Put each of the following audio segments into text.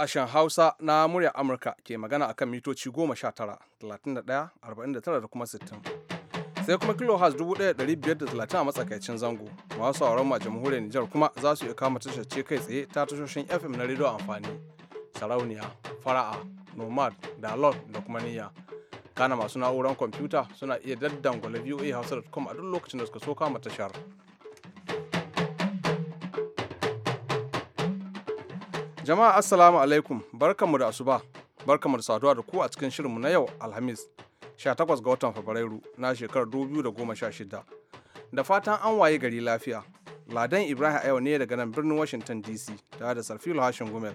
Ashen Hausa na murya Amurka ke magana a kan mitoci goma sha 31, 49 da kuma 60. Sai kuma da 1530 a matsakaicin zango. Masu sauran ma jamhuriyar Nijar kuma za su iya kama tashar kai tsaye ta tashoshin FM na rediyo amfani. Sarauniya, Fara'a, Nomad, da lord da kuma Niyya. Kana masu na'uran kwamfuta suna iya voa hausa.com a duk lokacin da suka so kama tashar. Jama'a Assalamu alaikum barkanmu da asuba barkanmu da saduwa da ku a cikin shirinmu na yau Alhamis 18 ga watan Fabrairu na shekarar 2016. Da fatan an waye gari lafiya. Ladan Ibrahim yau ne daga nan birnin Washington DC tare da Sarfilu Hashin Gumel.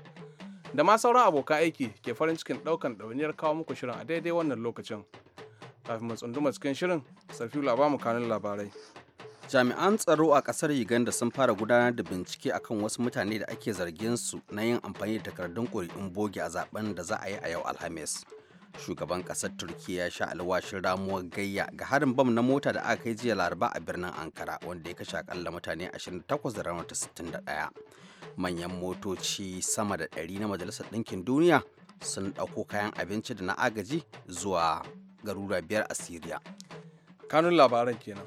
Da ma sauran abokan aiki ke farin cikin ɗaukan ɗawainiyar kawo muku shirin a daidai wannan lokacin. Kafin mu tsunduma cikin shirin, Sarfilu a ba mu kanun labarai. jami'an tsaro a kasar uganda sun fara gudanar da bincike akan wasu mutane da ake zargin su na yin amfani da takardun ƙuri'un bogi a zaben da za a yi a yau alhamis shugaban kasar turkiya ya sha alwashin ramuwar gayya ga harin bam na mota da aka yi jiya laraba a birnin ankara wanda ya kashe akalla mutane 28 da ranar 61 manyan motoci sama da 100 na majalisar ɗinkin duniya sun ɗauko kayan abinci da na agaji zuwa garura biyar a syria kanun labaran kenan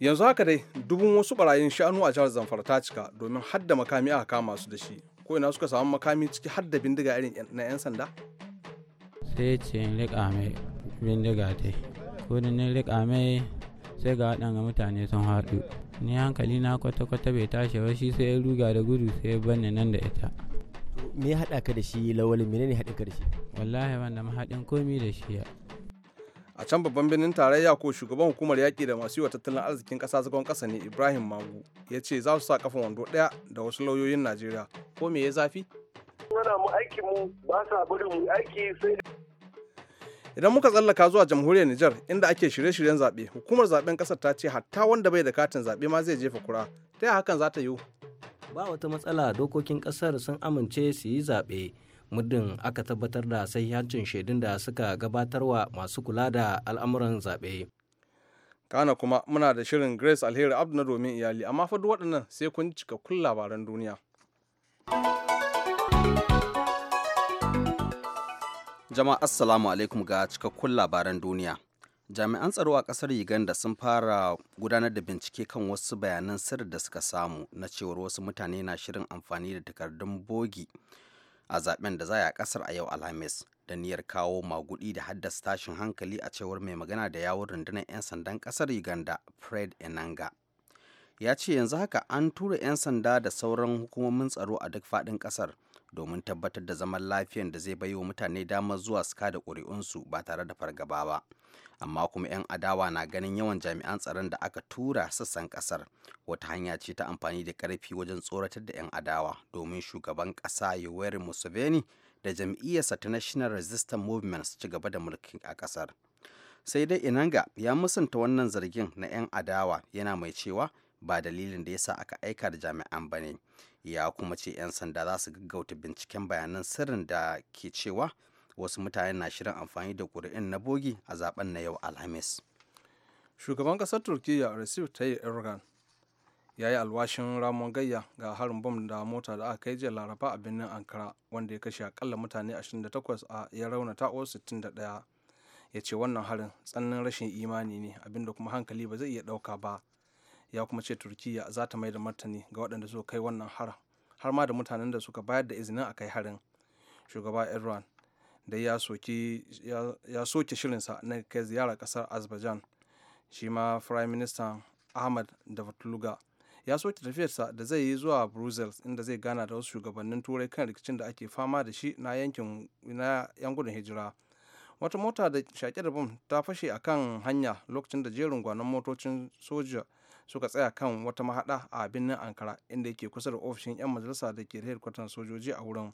yanzu haka dai dubun wasu barayin shanu a jihar zamfara ta cika domin hadda makami aka kama su da shi ko ina suka samu makami ciki hadda bindiga irin na 'yan sanda sai ce in riƙa mai bindiga dai ko da ni riƙa mai sai ga waɗanga mutane sun haɗu ni hankali na kwata-kwata bai tashi ba shi sai ya ruga da gudu sai ya banne nan da ita me ya haɗa ka da shi lawalin menene haɗin ka da shi wallahi ban da mahaɗin komi da shi a can babban birnin tarayya ko shugaban hukumar yaƙi da masu yi wa tattalin arzikin ƙasa zagon ƙasa ne ibrahim magu ya ce za su sa kafan wando ɗaya da wasu lauyoyin najeriya ko me ya zafi idan muka tsallaka zuwa jamhuriyar Nijar inda ake shirye-shiryen zaɓe hukumar zaɓen ƙasar ta ce hatta wanda bai da katin zaɓe ma zai jefa kura ta hakan za ta yiwu ba wata matsala dokokin ƙasar sun amince su yi zaɓe muddin aka tabbatar da sahihancin shaidun da suka gabatarwa masu kula da al'amuran zaɓe. kana kuma muna da shirin grace alheri abdu na domin iyali amma fa duk waɗannan sai kun cika kun labaran duniya jama'a assalamu alaikum ga cikakkun labaran duniya jami'an tsaro a ƙasar uganda sun fara gudanar da bincike kan wasu bayanan sirri da suka samu na cewar wasu mutane na shirin amfani da takardun bogi a zaben da za a kasar a yau alhamis da niyyar kawo magudi da haddasa tashin hankali a cewar mai magana da yawon rundunar 'yan sandan kasar uganda fred enanga ya ce yanzu haka an tura 'yan sanda da sauran hukumomin tsaro a duk faɗin kasar domin tabbatar da zaman lafiyan da zai baiwa mutane damar zuwa suka da ƙuri'unsu ba tare da fargaba ba amma kuma 'yan adawa na ganin yawan jami'an tsaron da aka tura sassan kasar wata hanya ce ta amfani da karfi wajen tsoratar da 'yan adawa domin shugaban kasa yoweri museveni da jam'iyyarsa ta national resistance movement su ci gaba da mulki a kasar sai dai inanga ya musanta wannan zargin na 'yan adawa yana mai cewa ba dalilin da yasa aka aika da jami'an ba ne ya kuma ce 'yan sanda za su gaggauta binciken bayanan sirrin da ke cewa wasu mutane na shirin amfani da ƙuri'in na bogi a zaben na yau alhamis shugaban kasar turkiyya recep tayyip erdogan ya yi alwashin ramon gayya ga harin bom da mota da aka kai jiya laraba a birnin ankara wanda ya kashe akalla mutane 28 a ya raunata wasu 61 ya ce wannan harin tsananin rashin imani ne abinda kuma hankali ba zai iya ɗauka ba ya kuma ce turkiyya za ta mai da martani ga waɗanda suka kai wannan harin har ma da mutanen da suka bayar da izinin a kai harin shugaba erdogan dai ya soke shirinsa na kai ziyara kasar azerbaijan shi ma prime minister ahmad davutluga ya soke tafiyarsa da zai yi zuwa brussels inda zai gana da wasu shugabannin turai kan rikicin da ake fama da shi na yankin yan gudun hijira wata mota da shaƙe da bom ta fashe a kan hanya lokacin da jerin gwanon motocin soja suka tsaya kan wata mahaɗa a birnin ankara inda yake kusa da ofishin 'yan majalisa da ke da sojoji a wurin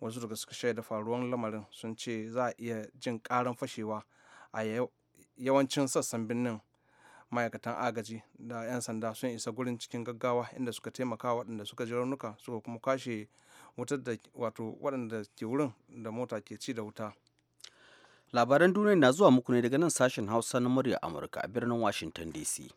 wasu daga suka shaida faruwan lamarin sun ce za a iya jin karan fashewa a yawancin sassan birnin ma'aikatan agaji da 'yan sanda sun isa gurin cikin gaggawa inda suka taimaka waɗanda suka ji raunuka suka kuma kashe wutar da wato waɗanda ke wurin da mota ke ci da wuta labaran duniya na zuwa muku ne daga nan sashen hausa na murya amurka a birnin washington dc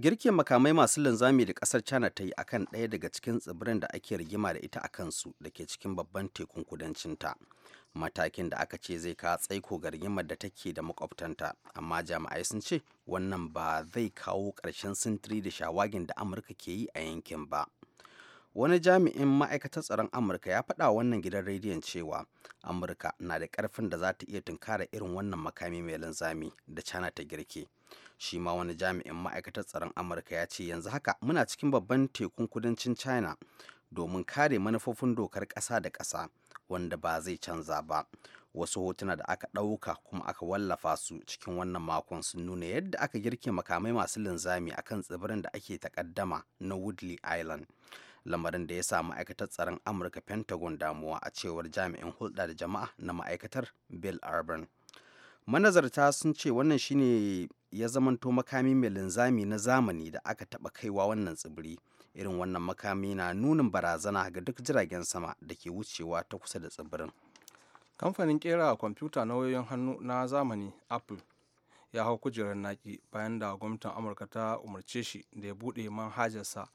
girke makamai masu linzami da kasar china ta yi akan ɗaya daga cikin tsibirin da ake rigima da ita a kansu da ke cikin babban tekun kudancinta matakin da aka ce zai ka tsaiko ga rigimar da take da makwabtanta amma jami'ai sun ce wannan ba zai kawo ƙarshen sintiri da shawagin da amurka ke yi a yankin ba wani jami'in ma'aikatar tsaron amurka ya faɗa wannan gidan rediyon cewa amurka na da ƙarfin da za ta iya tunkara irin wannan makami mai linzami da china ta girke shi ma wani jami'in ma'aikatar tsaron amurka ya ce yanzu haka muna cikin babban tekun kudancin china domin kare manufofin dokar ƙasa da ƙasa wanda ba zai canza ba wasu hotuna da aka ɗauka kuma aka wallafa su cikin wannan makon sun nuna yadda aka girke makamai masu linzami akan tsibirin da ake takaddama na woodley island lamarin da ya sa ma'aikatar tsaron amurka pentagon damuwa a cewar jami'in hulɗa da jama'a na ma'aikatar bill arban manazarta sun ce wannan shine ya zamanto makami mai linzami na zamani da aka taɓa kaiwa wannan tsibiri irin wannan makami na nunin barazana ga duk jiragen sama da ke wucewa ta kusa da tsibirin kamfanin kera kwamfuta na wayoyin hannu na zamani apple ya hau kujerar naki bayan da gwamnatin amurka ta umarce shi da ya buɗe manhajarsa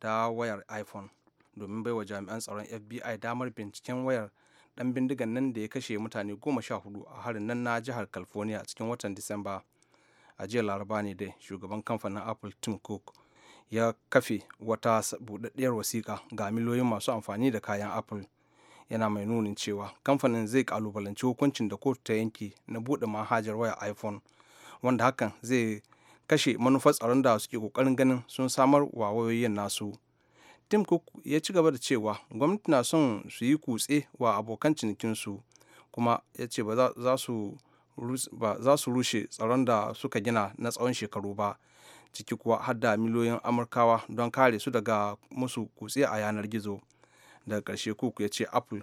ta wayar iphone domin baiwa jami'an tsaron fbi damar binciken wayar dan bindigan nan da ya kashe mutane goma sha hudu a harin nan na jihar california cikin watan disamba a jiya laraba ne dai shugaban kamfanin apple tim cook ya kafe wata budaddiyar wasiƙa ga miliyoyin masu amfani da kayan apple yana mai nunin cewa kamfanin zai kalubalanci hukuncin da kotu ta yanki na buɗe manhajar wayar iphone wanda hakan zai kashe manufar tsaron da suke kokarin ganin sun samar wa wayoyin nasu tim cook ya ci gaba da cewa gwamnati na son su yi kutse wa abokan cinikinsu kuma ya ce ba za su rushe tsaron da suka gina na tsawon shekaru ba ciki kuwa har da miliyoyin amurkawa don kare su daga musu kutse a yanar gizo daga ƙarshe cook ya ce apple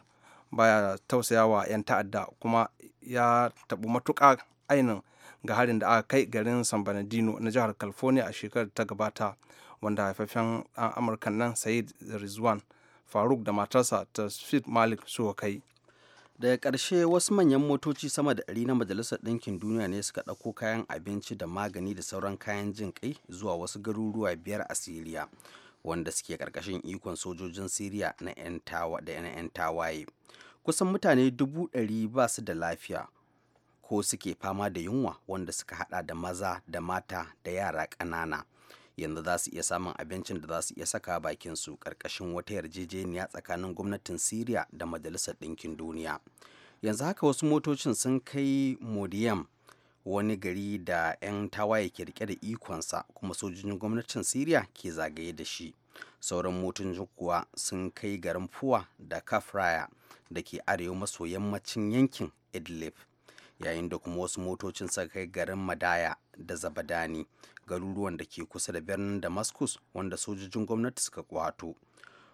baya tausayawa 'yan ta'adda kuma ya taɓu matuƙa ainihin. ga harin da aka kai garin san bernardino na jihar california a shekarar ta gabata wanda haifafen dan amurka nan sayid rizwan faruk da matarsa tasfit malik suka kai daga karshe wasu manyan motoci sama da ɗari na majalisar ɗinkin duniya ne suka ɗauko kayan abinci da magani da sauran kayan jin kai zuwa wasu garuruwa biyar a siriya wanda suke ƙarƙashin ikon sojojin siriya na 'yan tawaye kusan mutane dubu ɗari ba su da lafiya ko suke fama da yunwa wanda suka hada da maza da mata da yara ƙanana yanzu za su iya samun abincin da za su iya saka bakin su ƙarƙashin wata yarjejeniya tsakanin gwamnatin syria da majalisar ɗinkin duniya yanzu haka wasu motocin sun kai modiyam wani gari da 'yan tawaye ke rike da ikonsa kuma sojojin gwamnatin syria ke zagaye da shi sauran motocin kuwa sun kai garin fuwa da kafraya da ke arewa maso yammacin yankin idlib yayin da kuma wasu motocin suka kai garin madaya da zabadani garuruwan da ke kusa da birnin damascus wanda sojojin gwamnati suka kwato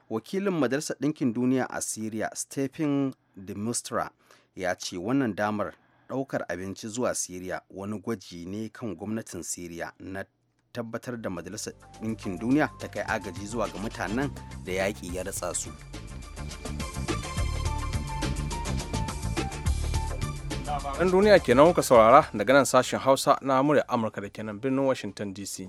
wakilin majalisar ɗinkin duniya a syria stephen demustra ya ce wannan damar ɗaukar abinci zuwa syria wani gwaji ne kan gwamnatin syria na tabbatar da majalisar ɗinkin duniya ta kai agaji zuwa ga mutanen da yaƙi ya ratsa su. labaran duniya kenan kuka saurara daga nan sashen hausa na murya amurka da kenan birnin washington dc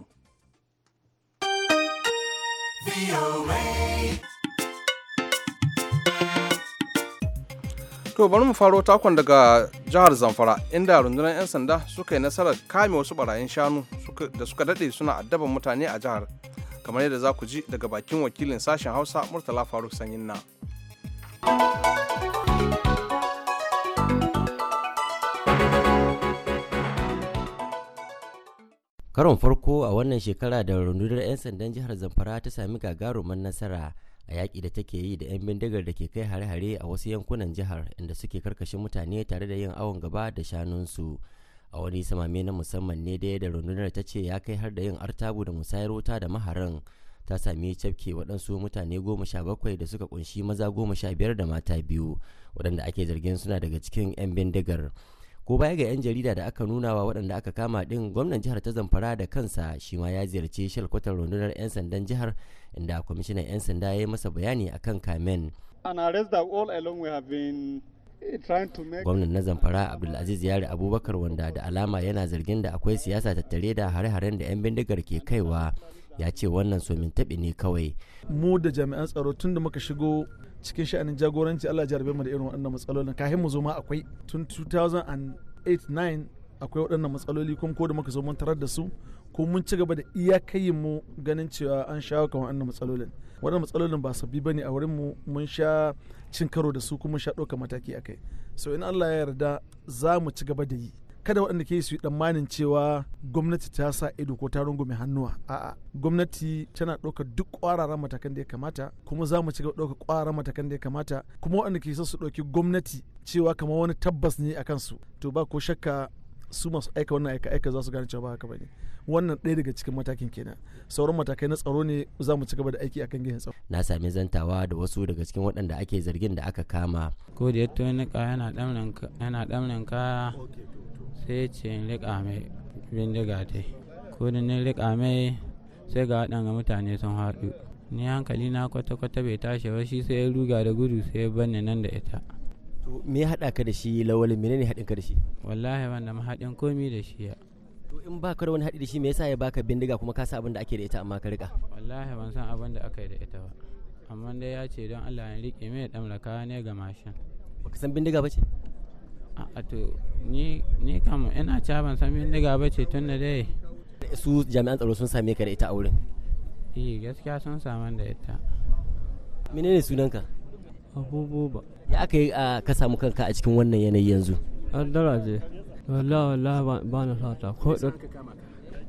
to bari mu faro takon daga jihar zamfara inda rundunar 'yan sanda suka yi nasarar kame wasu barayin shanu da suka daɗe suna addaban mutane a jihar kamar yadda za ku ji daga bakin wakilin sashen hausa murtala faruk sanyin na karon farko a wannan shekara da rundunar 'yan sandan jihar zamfara ta sami gagarumin nasara a yaƙi da take yi da 'yan bindigar da ke kai hare-hare a wasu yankunan jihar inda suke karkashin mutane tare da yin awon gaba da shanunsu a wani samame na musamman ne dai da rundunar ta ce ya kai har da yin artabu da musayar wuta da maharan ta sami cafke waɗansu mutane goma sha bakwai da suka ƙunshi maza goma sha biyar da mata biyu waɗanda ake zargin suna daga cikin 'yan bindigar ko baya ga 'yan jarida da aka nuna wa waɗanda aka kama ɗin gwamnan jihar ta zamfara da kansa shi ma ya ziyarci shalkwatar rundunar 'yan sandan jihar inda kwamishinan 'yan sanda ya yi masa bayani a kan kamen eh, gwamnan na zamfara abdulaziz yari abubakar wanda da alama yana zargin da akwai siyasa tattare da hare-haren da 'yan bindigar ke kaiwa ya ce wannan somin taɓi ne kawai mu da jami'an tsaro tun da muka shigo cikin sha'anin jagoranci Allah jarabe mu da irin waɗannan matsalolin ka mu zo ma akwai tun 2008-9 akwai waɗannan matsaloli kuma ko da muka zo mun tarar da su ko mun ci gaba da iyakayin mu ganin cewa an shawo kan waɗannan matsalolin waɗannan matsalolin ba sabbi bane a wurin mu mun sha cin karo da su kuma sha ɗaukar mataki akai so in Allah ya yarda za mu ci gaba da yi kada waɗanda ke su yi tsammanin cewa gwamnati ta sa ido ko ta rungume hannuwa a'a gwamnati tana ɗaukar duk ƙwararren matakan da ya kamata kuma za mu ci gaba ɗaukar ƙwararren matakan da ya kamata kuma waɗanda ke son su ɗauki gwamnati cewa kamar wani tabbas ne a kansu to ba ko shakka su masu aika wannan aika aika za su gane cewa ba haka bane wannan ɗaya daga cikin matakin kenan sauran matakai na tsaro ne za mu ci gaba da aiki akan gehen tsaro na sami zantawa da wasu daga cikin waɗanda ake zargin da aka kama ko da yana ɗamnan kaya sai ce in mai bindiga dai ko ne na mai sai ga waɗanga mutane sun haɗu ni hankali na kwata-kwata bai tashi ba shi sai ya ruga da gudu sai ya banne nan da ita to me haɗa ka da shi lawalin menene haɗin ka da shi wallahi da mahaɗin komi da shi ya to in ba ka da wani haɗi da shi me yasa ya baka bindiga kuma ka san abin da ake da ita amma ka riƙa wallahi ban san abin da aka yi da ita ba amma dai ya ce don Allah ya riƙe mai ɗamraka ne ga mashin baka san bindiga ba ce a to ni ni kam ina ca sami san bindiga ce tun da dai su jami'an tsaro sun same ka da ita a wurin eh gaskiya sun same da ita menene sunanka abubuwa ya aka yi ah, ka samu kanka a cikin wannan yanayi yanzu kaddara ce wallahi wallahi ba na sata ko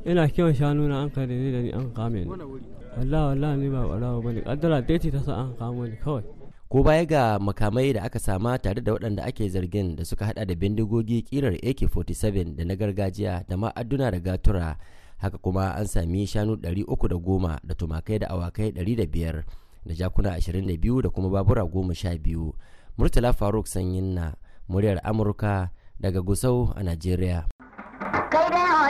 ina kiwon shanu na an kare ni da ni an kame ni wallahi wallahi ni ba barawa bane kaddara dai ce ta sa an kamo ni kawai ko baya ga makamai da aka sama tare da waɗanda ake zargin da suka hada da bindigogi kirar ak-47 da na gargajiya da ma'aduna da gatura haka kuma an sami shanu 310 da tumakai da awakai 500 da jakuna 22 da kuma babura 12 murtala faruk sanyin na muryar amurka daga gusau a najeriya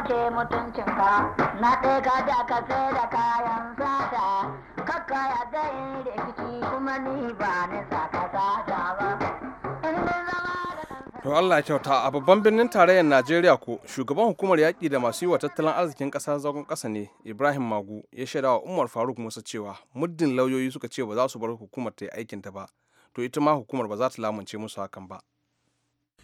mutuncin mutuncinka na ɗaya ka da ka sai da kayan sata kakka ya zai rikici kuma ni ba ni saka sata ba to Allah ya kyauta a babban birnin tarayyar Najeriya ko shugaban hukumar yaƙi da masu yi wa tattalin arzikin ƙasa zagon ƙasa ne Ibrahim Magu ya shaidawa Umar Faruk Musa cewa muddin lauyoyi suka ce ba za su bar hukumar ta yi aikinta ba to ita ma hukumar ba za ta lamunce musu hakan ba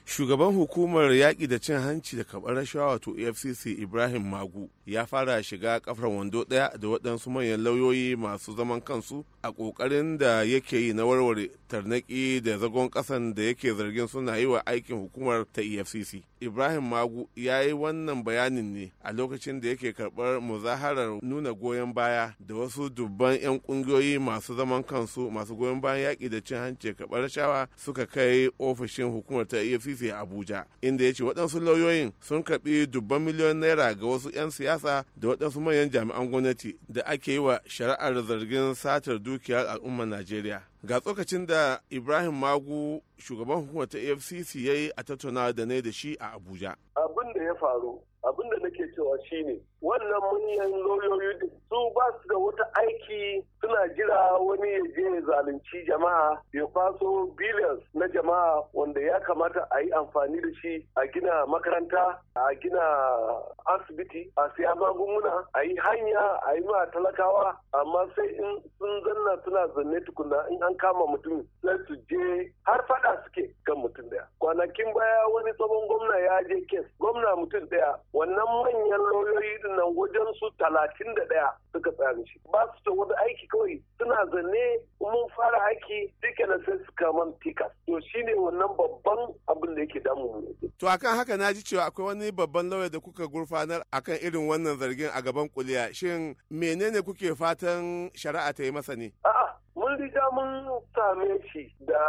shugaban hukumar yaƙi da cin hanci da karɓar rashawa wato afcc ibrahim magu ya fara shiga kafar wando ɗaya da waɗansu manyan lauyoyi masu zaman kansu a ƙoƙarin da yake yi na warware tarnaki da zagon ƙasan da yake zargin suna yi wa aikin hukumar ta efcc ibrahim magu ya yi wannan bayanin ne a lokacin da yake karbar muzaharar nuna goyon baya da wasu dubban 'yan kungiyoyi masu zaman kansu masu goyon bayan yaƙi da cin hanci karɓar shawa suka kai ofishin hukumar ta efcc a abuja inda ya ce waɗansu lauyoyin sun karɓi dubban miliyon naira ga wasu 'yan siyasa siyasa da waɗansu manyan jami'an gwamnati da ake yi wa shari'ar zargin satar dukiyar al'ummar najeriya ga tsokacin da ibrahim magu shugaban hukumar ta afcc ya yi a tattaunawa da ne da shi a abuja abin ya faru abin da cewa shine wannan manyan lauyoyi su ba su da wata aiki suna jira wani ya je ya zalunci jama'a ya faso billions na jama'a wanda ya kamata a yi amfani da shi a gina makaranta a gina asibiti a siya magunguna a yi hanya a yi ma talakawa amma sai in sun zanna suna zanne tukuna in an kama mutum sai su je har fada suke kan mutum daya kwanakin baya wani tsohon gwamna ya je kes gwamna mutum daya wannan manyan lauyoyi nan wajen su talatin da daya suka tsaya shi ba su ta wani aiki kawai suna zane mun fara aiki duka na sai su kama tikas to shine wannan babban abin da yake damu mu to akan haka na ji cewa akwai wani babban lauya da kuka gurfanar akan irin wannan zargin a gaban kuliya shin menene kuke fatan shari'a ta yi masa ne a'a mun riga mun same shi da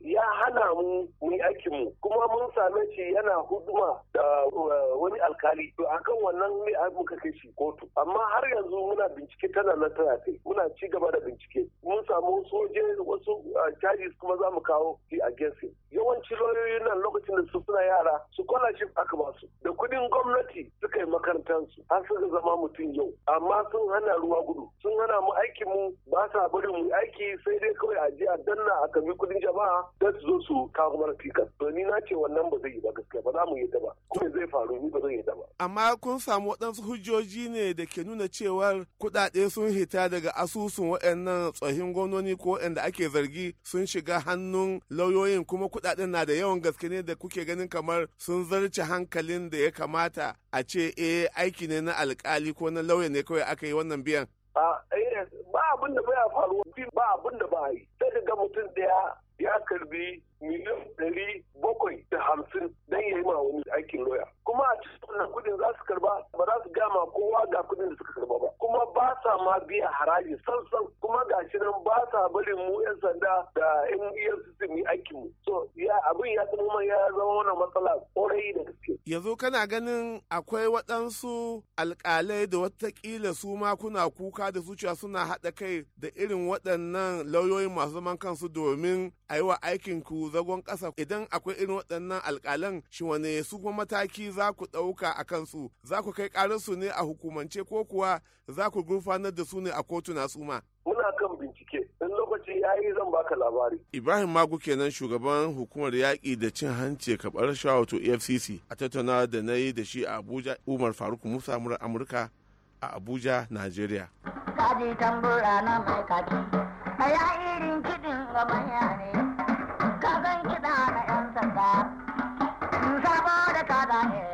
ya hana mu muyi aikinmu kuma mun same shi yana huduma da eh, wani alkali to akan wannan ne muka kai shi kotu amma har yanzu muna bincike tana nan tana kai muna ci gaba da bincike mun samu soje wasu eh, charges kuma za mu kawo shi a gefe yawanci lauyoyin nan lokacin da su suna yara scholarship aka ba su da kudin gwamnati suka yi makarantarsu har suka zama mutum yau amma sun hana ruwa gudu sun hana mu aikinmu ba sa bari mu aiki sai dai kawai a je a danna a bi kudin jama'a don su zo su kawo mana fikas to ni na ce wannan ba zai yi ba gaskiya ba za mu ta ba kuma zai faru ni ba yi ta ba amma kun samu waɗansu hujjoji ne da ke nuna cewar kuɗaɗe sun hita daga asusun waɗannan tsohin gwamnoni ko waɗanda ake zargi sun shiga hannun lauyoyin kuma kuɗaɗen na da yawan gaske ne da kuke ganin kamar sun zarce hankalin da ya kamata a ce eh aiki ne na alkali ko na lauya ne kawai aka yi wannan biyan. A eh, ba abin da ya faruwa ba abin da ba yi. ga mutum daya ya karbi miliyan ɗari bakwai da hamsin don ya yi ma wani aikin loya kuma a wannan kudin za su karba ba za su gama kowa ga kudin da suka karba ba kuma ba sa ma biya haraji sansan kuma ga shi nan ba sa barin mu yan sanda da yan efcc mu aikin mu so ya abin ya zama ya zama wannan matsala kwarai da gaske yanzu kana ganin akwai waɗansu alƙalai da watakila su ma kuna kuka da zuciya suna haɗa kai da irin waɗannan lauyoyin masu zaman kansu domin a yi wa aikinku zagon ƙasa idan akwai irin waɗannan alƙalan shi wane su kuma mataki za ku ɗauka ɗauka a kansu za ku kai su ne a hukumance ko kuwa za ku gurfanar da su ne a kotuna su ma. Muna kan bincike, in lokaci ya yi zan baka labari. Ibrahim Magu kenan shugaban hukumar yaƙi da cin hanci kaɓar rashawa wato EFCC a tattauna da na yi da shi a Abuja Umar Faruk Musa Amurka a Abuja, Najeriya. Kaji tambura na mai kaji, a ya irin kiɗin ga manya ne, kagan kiɗa na 'yan sanda, sabo da kada ne.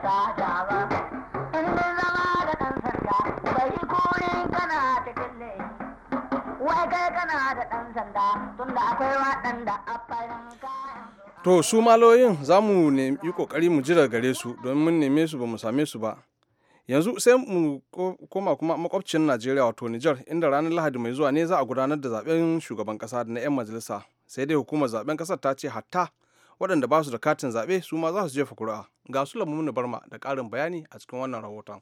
waɗanda a farin To su maloyin za mu yi ƙoƙari mu jira gare su don mun neme su ba mu same su ba. Yanzu sai mu koma kuma makwabcin Najeriya wato Nijar inda ranar Lahadi mai zuwa ne za a gudanar da zaben shugaban kasa da na 'yan majalisa. Sai dai hukumar zaben kasar ta ce hatta waɗanda ba su da katin zaɓe su ma za su jefa kuri'a. Ga su lamu barma da ƙarin bayani a cikin wannan rahoton.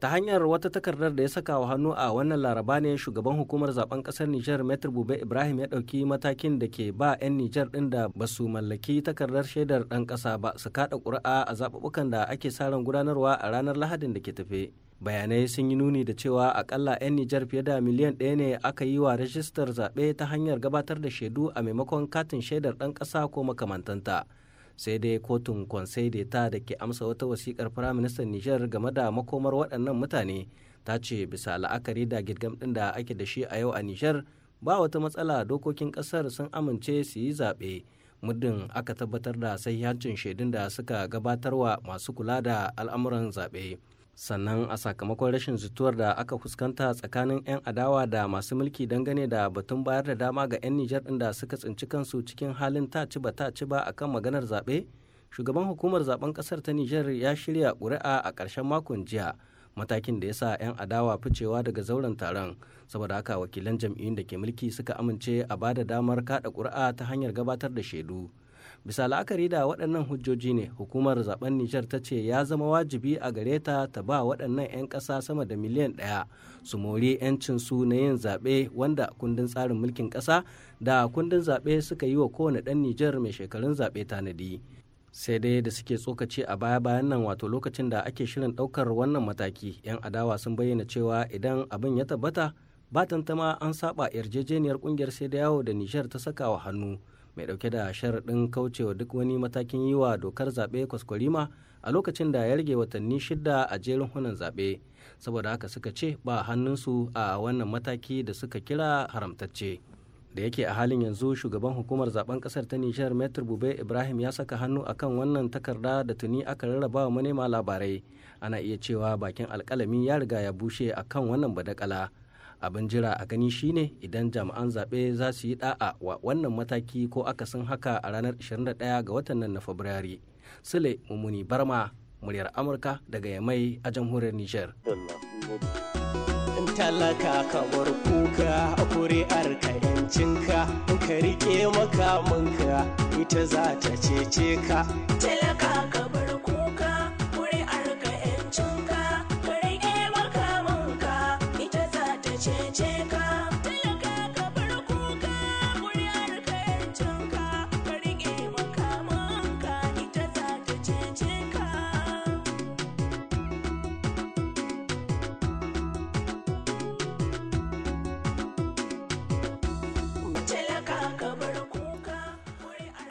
ta hanyar wata takardar da ya saka wa hannu a wannan laraba ne shugaban hukumar zaben kasar nijar metro bube ibrahim ya ɗauki matakin da ke ba 'yan nijar din da ba su mallaki takardar shaidar ɗan ƙasa ba su kaɗa ƙuri'a a zaɓuɓɓukan da ake sa gudanarwa a ranar lahadin da ke tafe bayanai sun yi nuni da cewa akalla 'yan nijar fiye da miliyan ɗaya ne aka yi wa rajistar zaɓe ta hanyar gabatar da shaidu a maimakon katin shaidar ɗan ƙasa ko makamantanta sai dai kotun kwansai ta da ke amsa wata wasikar firaministan nijar game da makomar waɗannan mutane ta ce bisa la'akari da girgam ɗin da ake da shi a yau a nijar ba wata matsala dokokin ƙasar sun amince su yi zaɓe muddin aka tabbatar da sahihancin shaidun da suka gabatarwa masu kula da al'amuran zaɓe. sannan a sakamakon rashin zutuwar da aka fuskanta tsakanin 'yan adawa da masu mulki dangane da batun bayar da dama ga 'yan nijar ɗin da suka tsinci kansu cikin halin ta ci ba ta ci ba akan maganar zaɓe shugaban hukumar zaben ƙasar ta nijar ya shirya ƙuri'a a ƙarshen makon jiya matakin da ya sa 'yan adawa ficewa daga zauren taron saboda haka wakilan jam'iyyun da ke mulki suka amince a ba da damar kaɗa ƙuri'a ta hanyar gabatar da shaidu bisa la'akari da waɗannan hujjoji ne hukumar zaben nijar ta ce ya zama wajibi a gare ta ta ba waɗannan 'yan ƙasa sama da miliyan ɗaya su mori 'yancin su na yin zaɓe wanda kundin tsarin mulkin ƙasa da kundin zaɓe suka yi wa kowane ɗan nijar mai shekarun zaɓe tanadi sai dai da suke tsokaci a baya-bayan nan wato lokacin da ake shirin ɗaukar wannan mataki 'yan adawa sun bayyana cewa idan abin ya tabbata ba tantama an saba yarjejeniyar kungiyar sai da yawo da nijar ta saka wa hannu mai dauke da sharaɗin kaucewa duk wani matakin yi wa dokar zaɓe kwaskwarima a lokacin da ya rage watanni shida a jerin hunan zaɓe saboda haka suka ce ba hannunsu a wannan mataki da suka kira haramtacce da yake a halin yanzu shugaban hukumar zaben kasar ta nijar metro bube ibrahim ya saka hannu akan wannan takarda da tuni aka rarraba wa manema labarai ana iya cewa bakin alkalami ya riga ya bushe akan wannan badakala abin jira a gani shine idan jami'an zaɓe za su yi ɗa'a wa wannan mataki ko akasin haka a ranar 21 ga watan nan na fabrairu sule mummuni barma muryar amurka daga yamai a jamhuriyar niger talaka ka bar kuka a kuri'ar ka yancinka in ka rike makamanka ita za ta cece ka talaka ka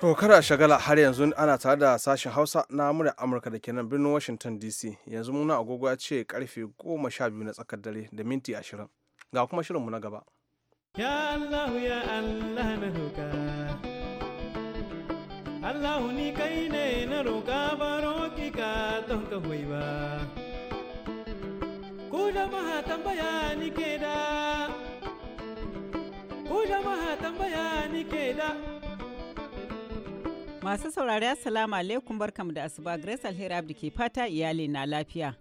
To shagala har yanzu ana tare da sashen Hausa na murya Amurka da ke nan birnin Washington DC. Yanzu muna agogo ce karfe goma sha biyu na tsakar dare da minti ashirin. Ga kuma shirinmu na gaba. Ya Allah ya Allah na roka Allah ni kai ne na roka baro ki ka don ka hoyi ba. Ku jama'a tambaya ni ke da. Ku jama'a tambaya ni ke da. Masu saurari Assalamu alaikum barkamu da asuba Grace Alheri Abdi ke fata iyali na lafiya.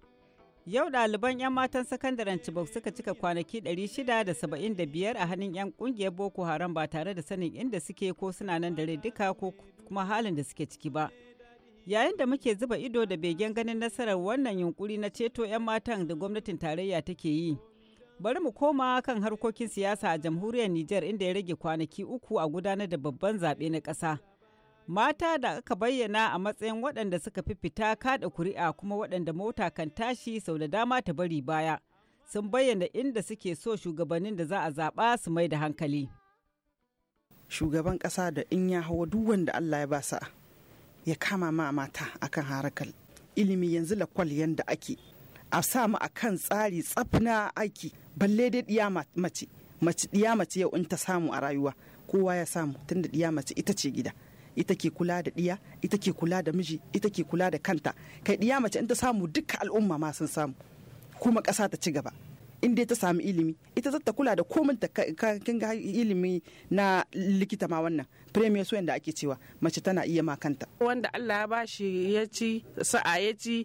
Yau ɗaliban 'yan matan sakandaren Chibok suka cika kwanaki 675 a hannun 'yan ƙungiyar Boko Haram ba tare da sanin inda suke ko suna nan dare duka ko kuma halin da suke ciki ba. Yayin da muke zuba ido da begen ganin nasarar wannan yunkuri na ceto 'yan matan da gwamnatin tarayya take yi. Bari mu koma kan harkokin siyasa a jamhuriyar Nijar inda ya rage kwanaki uku a gudanar da babban zaɓe na ƙasa. mata da aka bayyana a matsayin waɗanda suka fi fita kaɗa kuri'a kuma waɗanda mota kan tashi sau da dama ta bari baya sun bayyana inda suke so shugabannin da za a zaɓa su mai da hankali. Shugaban ƙasa da in ya hawa duk wanda Allah ya ba sa ya kama ma mata akan harakal ilimi yanzu lakwal yanda ake a samu akan tsari tsafna aiki balle dai ɗiya mace ɗiya mace yau in ta samu a rayuwa kowa ya samu tunda ɗiya mace ita ce gida. ita ke kula da ɗiya ita ke kula da miji ita ke kula da kanta kai ɗiya mace in ta samu duka al'umma ma sun samu kuma ƙasa ta ci gaba in dai ta samu ilimi ita zata kula da komin ta kin ilimi na likita ma wannan premier soyan da ake cewa mace tana iya ma kanta wanda Allah ya bashi ya ci sa'a ya ci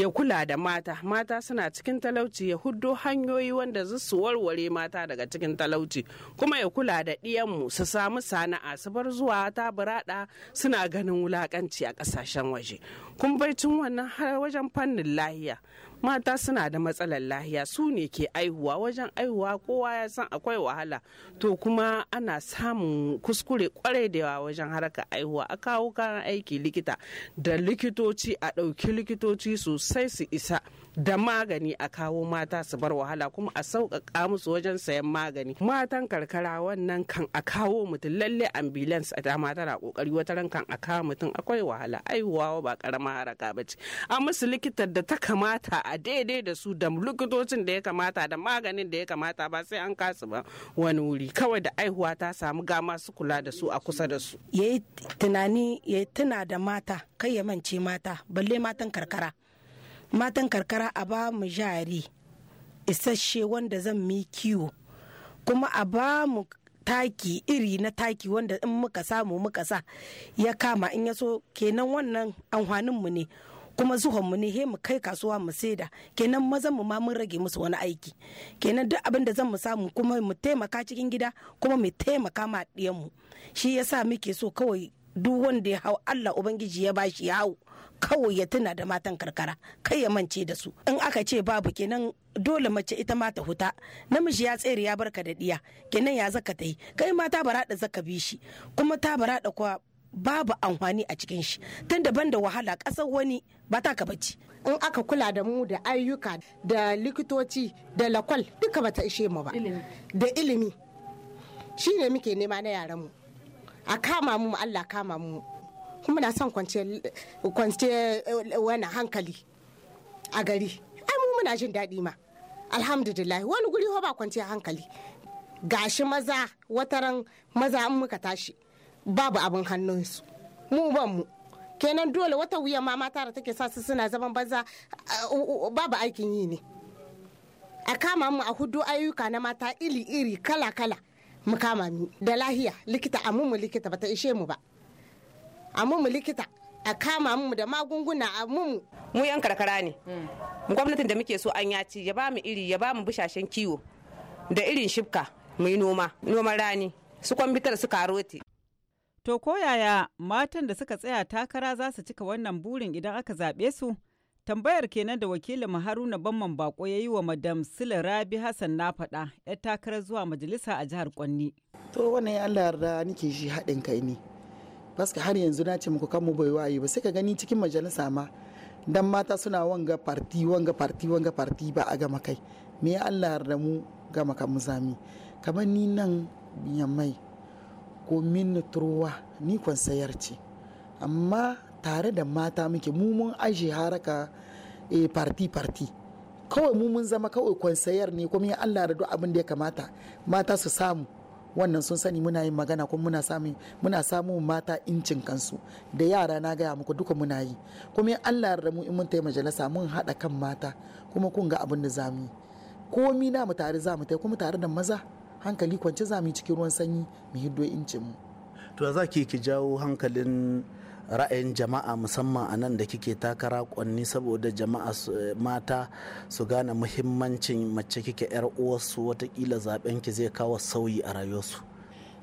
ya kula da mata mata suna cikin talauci ya huddo hanyoyi wanda za su warware mata daga cikin talauci kuma ya kula da mu su samu sana'a su bar zuwa ta burada suna ganin wulakanci a kasashen waje kun baicin wannan har wajen fannin lahiya mata suna da matsalar lahiya su ne ke aihuwa wajen aihuwa kowa ya san akwai wahala to kuma ana samun kuskure kwarai da yawa wajen haraka aihuwa a kawo kayan aiki likita da likitoci a ɗauki likitoci sosai su isa da magani a kawo mata su bar wahala kuma a sauƙaƙa musu wajen sayan magani matan karkara wannan kan a kawo mutum lalle ambulance a dama tana kokari wata ran kan a kawo mutum akwai wahala aihuwa ba karama haraka bace a musu likitar da ta kamata a a daidai da su da likitocin da ya kamata da maganin da ya kamata ba sai an kasu ba wani wuri kawai da aihuwa ta samu ga su kula da su a kusa da su ya yi tunani ya tuna da mata kai ya mance mata balle matan karkara matan karkara a ba mu jari isasshe wanda zan mi kiwo kuma a ba mu taki iri na taki wanda in muka samu muka sa ya kama in ya so kenan wannan amfaninmu ne kuma zuhon mu ne he mu kai kasuwa mu saida kenan mazan mu ma mun rage musu wani aiki kenan duk abin da zan mu samu kuma mu taimaka cikin gida kuma mu taimaka ma diyan mu shi yasa muke so kawai duk wanda ya hau Allah ubangiji ya bashi ya hau kawai ya tuna da matan karkara kai ya mance da su in aka ce babu kenan dole mace ita ma ta huta namiji ya tsere ya barka da diya kenan ya zaka ta yi kai ma ta bara da zaka bi shi kuma ta bara da kwa babu amfani a cikin shi tun daban da wahala ƙasar wani ba ta ka bacci in aka kula da mu da ayyuka da likitoci da lakwal duka bata ishe mu ba da ilimi Shi ne muke nema na yaran mu a kama mu Allah kama mu kuma na son kwanciyar eh, wani hankali a gari ai mu muna jin daɗi ma alhamdulillah wani guri ba kwanciyar hankali gashi maza wataran maza in muka tashi babu abin hannunsu mu ban mu kenan dole wata wuya ma mata da take sa su suna zaman banza uh, babu aikin yi ne a kama mu a hudu ayyuka na mata iri-iri kala-kala mu kama mu da lahiya likita a mu likita bata ishe mu ba a mu likita a kama mu da magunguna a mu mu yan karkara ne mm. gwamnatin da muke so an ya ci ya ba mu iri ya ba mu bushashen kiwo da irin shibka mu yi noma noman rani su kwambitar su karoti To ko yaya matan da suka tsaya takara za su cika wannan burin idan aka zaɓe su? Tambayar kenan da wakilin Haruna Bamman Bako ya yi wa Madam sula Rabi Hassan na faɗa 'yar takarar zuwa majalisa a jihar Kwanni. To wani ya Allah yarda nike shi haɗin kai ne. Baska har yanzu na ce muku kanmu bai wayi ba sai ka gani cikin majalisa ma dan mata suna wanga farti wanga farti wanga farti ba a gama kai. Me ya Allah yarda mu gama kan mu zami. Kamar ni nan yammai ko min turwa ni kwansayar ce amma tare da mata muke mu mun aje haraka e parti parti kawai mu zama kawai kwansayar ne kuma ya Allah da duk abin da ya kamata mata su samu wannan sun sani muna yin magana kuma muna samu muna samu mata incin kansu da yara na gaya muku duka muna yi kuma ya Allah da mu in mun tai majalisa mun hada kan mata kuma kun ga abin da zamu yi komi na mu tare zamu kuma tare da maza hankali kwance za mu cikin ruwan sanyi mu hiddo incin mu to za ki ki jawo hankalin ra'ayin jama'a musamman a nan da kike takara kwanni saboda jama'a mata su gane muhimmancin mace kike yar uwarsu watakila zaben ki zai kawo sauyi a rayuwarsu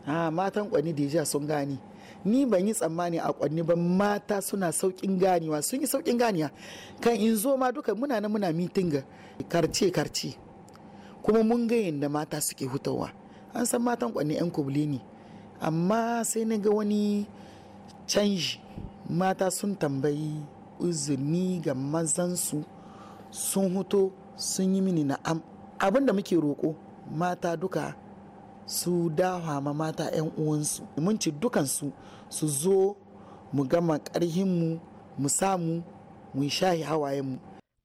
a matan kwanni ya sun gane ni ban yi tsammani a kwanni ba mata suna saukin ganewa sun yi saukin ganiya kan in zo ma duka muna na muna mitinga karce karce kuma mun ga yadda mata suke hutawa an san matan kwanne 'yan kubli ne amma sai na ga wani canji mata sun tambayi uzuni ga mazansu sun huto sun yi mini na'am abin da muke roƙo mata duka su dawa ma mata 'yan uwansu mun ci dukansu su zo mu gama ƙarhinmu mu samu mu shahi hawayenmu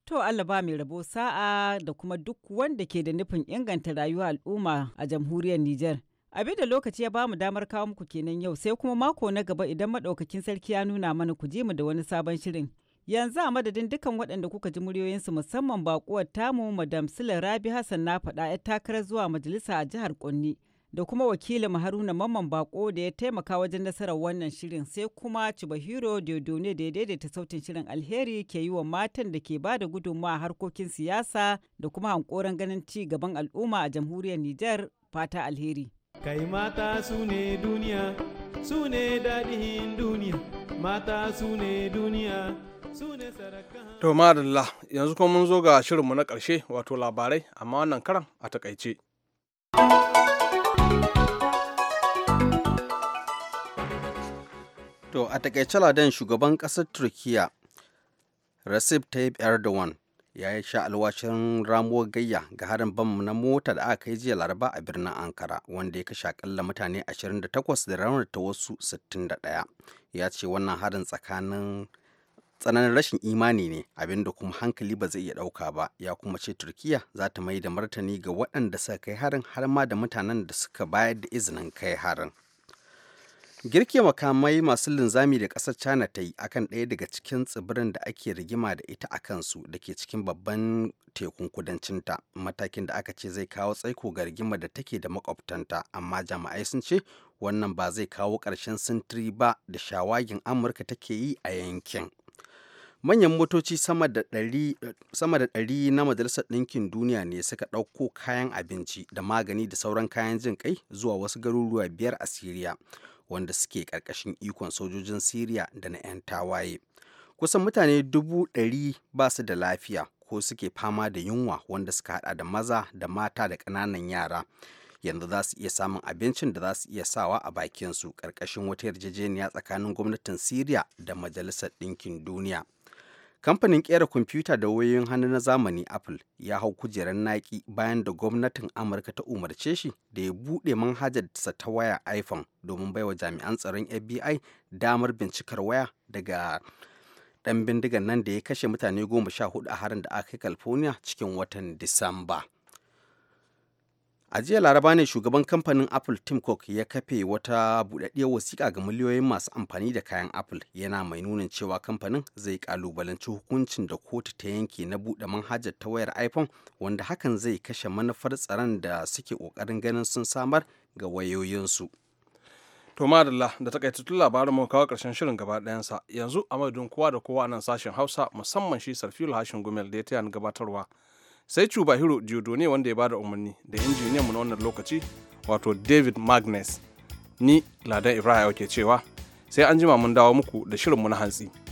To Allah ba mai rabo sa'a da kuma duk wanda ke da nufin inganta rayuwar al'umma a jamhuriyar Nijar. Abin da lokaci ya bamu damar kawo muku kenan yau sai kuma mako na gaba idan madaukakin sarki ya nuna mana ku je mu da wani sabon shirin. Yanzu a madadin dukan waɗanda kuka ji muryoyinsu musamman bakuwar tamu Madam Sula Rabi Hassan na faɗa 'yar takarar zuwa majalisa a jihar Kunni. da kuma wakilin Haruna Mamman Bako da ya taimaka wajen nasarar wannan shirin sai kuma Chibahiro Diodone da ya daidaita sautin shirin alheri ke yi wa matan da ke ba da gudunmawa harkokin siyasa da kuma hankoran ganin ci gaban al'umma a jamhuriyar Nijar fata alheri. Kai mata su ne duniya, su ne daɗin duniya, mata su ne duniya, su ne sarakan. To madalla yanzu kuma mun zo ga shirinmu na karshe wato labarai amma wannan karan a takaice. To a takaice ladan shugaban ƙasar Turkiyya Recep Tayyip Erdogan ya yi sha alwashin ramuwar gayya ga harin bam na mota da aka yi jiya laraba a birnin ankara wanda ya kashe akalla mutane 28 da ta wasu 61 ya ce wannan harin tsakanin tsananin rashin imani ne abinda kuma hankali ba zai iya ɗauka ba ya kuma ce turkiya za ta mai da martani ga waɗanda suka kai harin har ma da mutanen da suka bayar da izinin kai harin girke makamai masu linzami da ƙasar china ta yi akan ɗaya daga cikin tsibirin da ake rigima da ita a kansu da ke cikin babban tekun kudancinta matakin da aka ce zai kawo tsaiko ga rigima da take da makwabtanta amma jama'ai sun ce wannan ba zai kawo ƙarshen sintiri ba da shawagin amurka take yi a yankin manyan motoci sama da ɗari na majalisar ɗinkin duniya ne suka ɗauko kayan abinci da magani da sauran kayan jin kai zuwa wasu garuruwa biyar a siriya wanda suke ƙarƙashin ikon sojojin Siriya da na 'yan tawaye. Kusan mutane dubu ɗari ba su da lafiya ko suke fama da yunwa wanda suka hada da maza da mata da ƙananan yara. Yanzu za su iya samun abincin da za su iya sawa a bakinsu ƙarƙashin wata yarjejeniya tsakanin gwamnatin Siriya da Majalisar Ɗinkin Duniya. kamfanin kera kwamfuta da wayoyin hannu na zamani apple ya hau kujerar naki bayan da gwamnatin amurka ta umarce shi da ya buɗe manhajarsa ta waya iphone domin baiwa jami'an tsaron fbi damar bincikar waya daga ɗan bindigan nan da ya kashe mutane goma sha hudu a harin da aka kai california cikin watan disamba a jiya laraba ne shugaban kamfanin apple tim cook ya kafe wata budaddiyar wasiƙa ga miliyoyin masu amfani da kayan apple yana mai nunin cewa kamfanin zai kalubalanci hukuncin da kotu ta yanke na buɗe manhajar ta wayar iphone wanda hakan zai kashe manufar tsaron da suke kokarin ganin sun samar ga wayoyinsu to madalla da takaitattun labarin mu kawo ƙarshen shirin gaba ɗayansa yanzu a madadin kowa da kowa a nan sashen hausa musamman shi sarfilu hashin gumel da ya gabatarwa sai cuba Cubahiro Jodo ne wanda ya ba da umarni da injiniyan mu na wannan lokaci wato David Magnus ni Ladan Ibrahim ke cewa sai an jima mun dawo muku da shirin mu na hantsi.